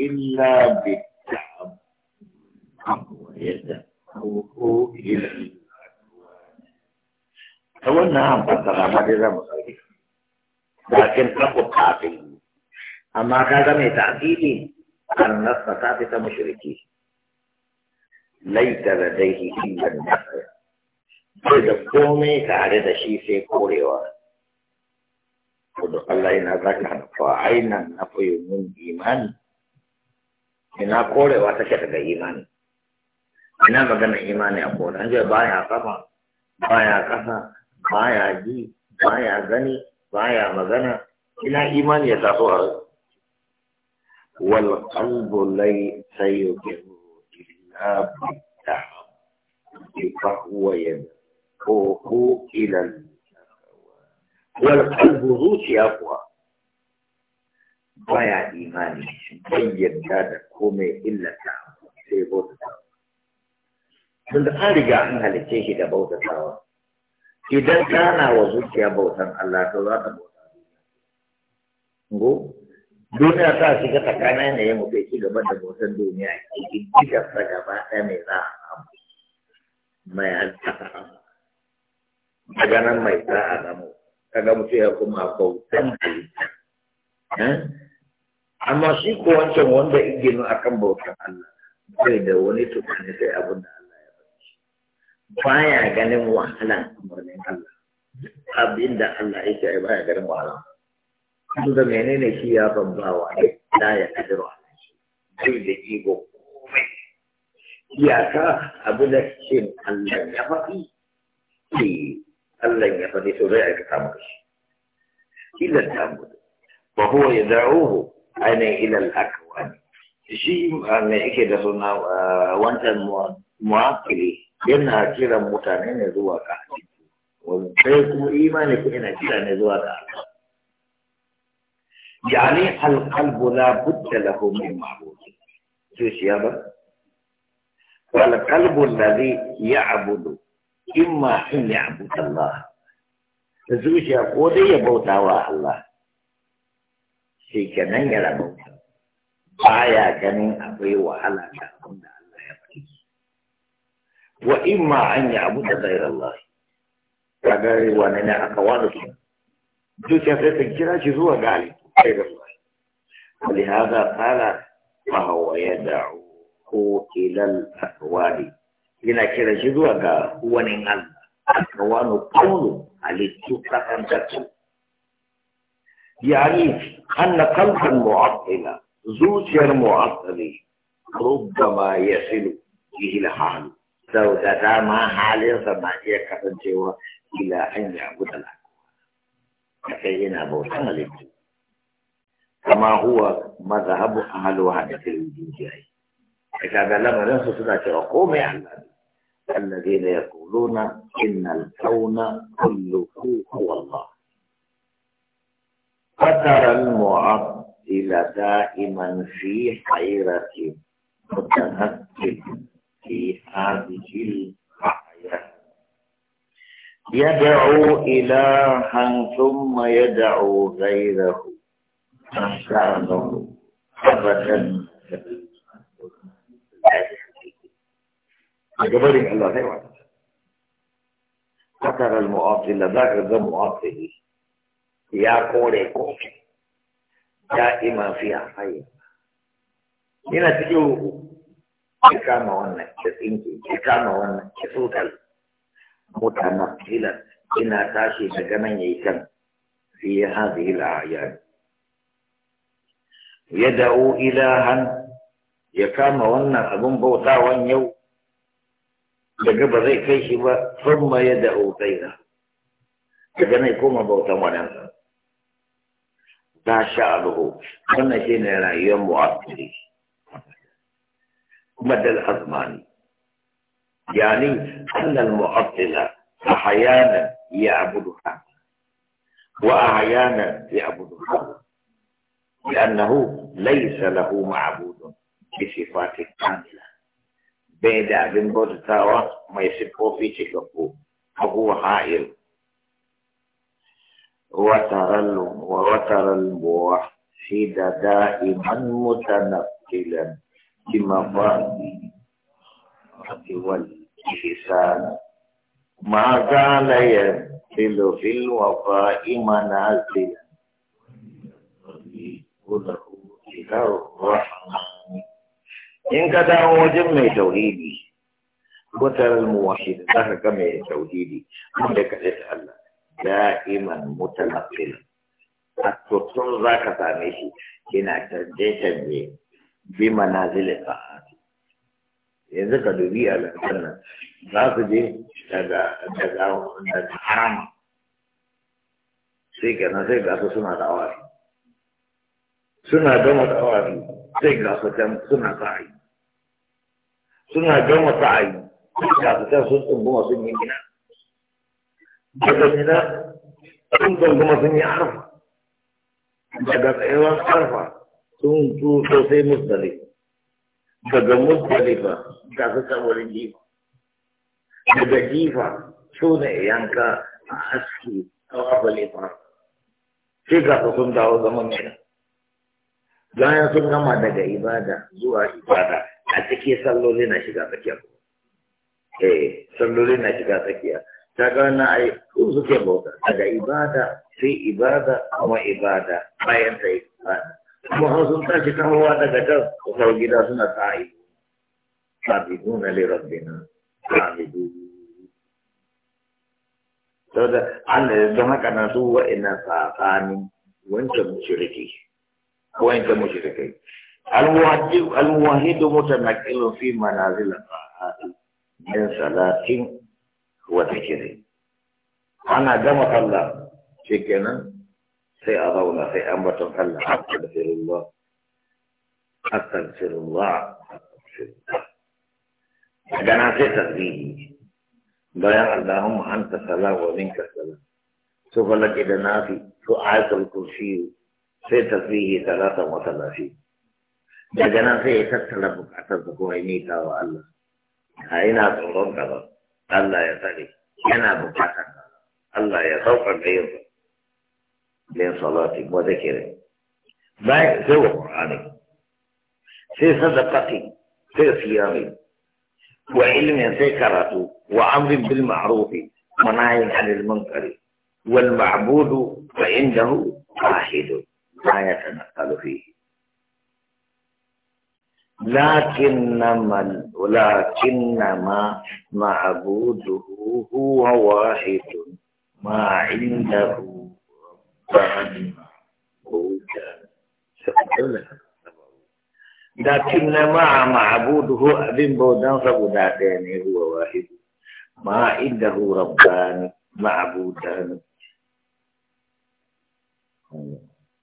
إلا بالتعب ويدعوه إلى الأكوان فوانا هم ما مدينة مصرية لكن تقو قاتل أما كذا من أن أن ثابت مشركي ليس لديه إلا النفر إذا قومي تعرض شيء في كوريوان الله إن ذكر فأين النفي من إيمان ina korewa take daga imani ina magana imani a kore an ce baya kafa baya kasa baya ji baya gani baya magana ina imani ya taso a wal qalbu lai sayuqiru illa bi fahuwa yad'uhu ko ko wal qalbu zuciya kuwa baya imani bai yadda da komai illata sai bautatawa tun da an riga an halicce shi da bauta bautatawa idan kana wa zuciya bautan Allah to za ta bauta Ngo? duniya ta shiga tsakanin yanayin mu mutu ci gaba da bautan duniya cikin gidan ta gaba ɗaya mai za a samu mai halitta daga nan mai za a samu kaga mutu ya kuma bautan halitta eh? amma shi ko wancan wanda iginu akan bautan Allah bai da wani tunani sai abin da Allah ya faɗi baya ganin wahalan umarnin Allah abin da Allah yake ai baya ganin wahala kuma da menene shi ya bambawa ne da ya kadiro bai da ego komai iyaka abin da shi Allah ya faɗi ke Allah ya faɗi to zai aikata maka shi kila ta mutu ba huwa yad'uhu ainihin ilal akwani shi ah, mai ike da suna ah, wancan muwakili yana kiran mutane ne zuwa ka sai kuma imani ko yana kira ne zuwa ka yani alqalbu la budda lahu min ma'bud to shi ya ba ya abudu, in ya'budu imma ya ya'budu Allah zuciya ko dai ya bautawa Allah shi kenan ya rabu baya ganin akwai wahala da abin da Allah ya faɗi wa imma an yi abu da zairar Allah kaga wani ne aka wani su zuciya sai ta kira shi zuwa ga zairar Allah ولهذا قال فهو يدعوه إلى الأكوان yana kira shi zuwa ga wani Allah, aka wani kawo halittu kasantattu. يعني أن قلب المعطل زوجر معطل ربما يصل به الحال لو دا ما حال سما يكتن جوا إلى أن يعبد الله فكينا بوتان لك كما هو مذهب أهل وحدة الوجود هذا لما ننسى سنة وقوم على الذين يقولون إن الكون كله هو الله قدر المعطل دائما في حيرة متنكب في هذه الحياة يدعو إلها ثم يدعو غيره أحسانه أبدا جبري الله هيوان قتل المعاطل ذاك ذا معاطل ya kore kofi ya fi hafaye yana cikin ruku ki kama wannan ki tsinke ki kama wannan ki tsotal mota makila ina tashi daga nan yayi kan fi hadhihi al-ayat yad'u ilahan ya kama wannan abun bautawan yau daga ba zai kai shi ba sun ma yad'u ghaira daga nan koma bautan wadansa ناشاره أنا جينا يوم وعطري مدى الأزمان يعني أن المعطلة أحيانا يعبدها وأحيانا يعبدها لأنه ليس له معبود بصفات كاملة بين دعب بوتساوا ما يسبه في شيكاكو فهو حائل وترى وترى الموحد دائما متنقلا بمفاهيم والإحسان ما زال ينزل في الوفاء منازلا له إلى الرحمن إن كان وجمع توحيدي وترى الموحد ذاك كما توحيدي من لك الله da'iman mutalaqil a tutun za ka same shi yana canje-canje bi manazilin fa'ati yanzu ka dubi a lantarki nan za su je daga harama sai kenan sai ga su suna da awari suna gama da awari sai ga su can suna sa'ayi suna gama sa'ayi sai ga su can sun tsumbuma sun yi gina daga mina sun gangama sun yi arfa daga tsayuwar arfa sun zo sosai musdali daga musdalifa ga su tsawarin jifa daga jifa su ne yanka a haske a wafalifa sai ga su sun dawo zama mina bayan sun gama daga ibada zuwa ibada a cikin salloli na shiga tsakiya eh salloli na shiga tsakiya تقالنا أي كوزك يبوتا تقى إبادة في إبادة وإبادة بيان في إبادة وحسن تشكه هو تقتل وصل جدا سنة تعيب عابدون لربنا عابدون saboda Allah don haka na su wa'ina tsakanin wancan mushriki wancan mushrikai alwahidu mutanaqilun fi manazil al-fa'al min salatin فكري أنا جمع الله شكنا سيأضونا في أمة الله أستغفر الله أستغفر الله أستغفر الله أنا في تسبيحي بيان اللهم أنت سلام ومنك السلام سوف لك إذا نافي سؤال آية الكرسي في تسبيحي ثلاثة وثلاثين daga أنا sai ya tattala bukatar da kuma أين wa Allah Allah ya tsare yana bukatar Allah ya sauka da yin min salati wa zikri bayan sai wa qur'ani sai sadaqati sai siyami wa ilmin sai karatu wa amri bil ma'ruf wa nahyin 'anil munkari wal ma'budu fa indahu wahid لكنما لكنما معبوده هو واحد ما عنده ربان لكنما معبوده أبن بودان فبداتين هو واحد ما عنده ربان معبودان